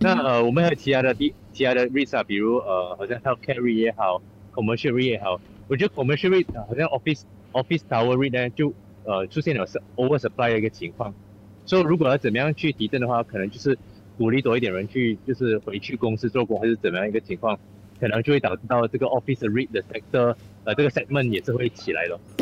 那呃，我們還有其他的比其他的 REITs 啊，比如呃，好像 hotel REIT 也好，commercial REIT 也好。我覺得 commercial REIT、呃、好像 OFFICE OFFICE TOWER REIT 呢，就呃出現了是 oversupply 的一個情況。所、so, 以如果要怎麼樣去提振的話，可能就是鼓勵多一點人去，就是回去公司做工，還是怎麼樣一個情況，可能就會導致到這個 OFFICE REIT 的 SECTOR，呃，這個 segment 也是會起來的。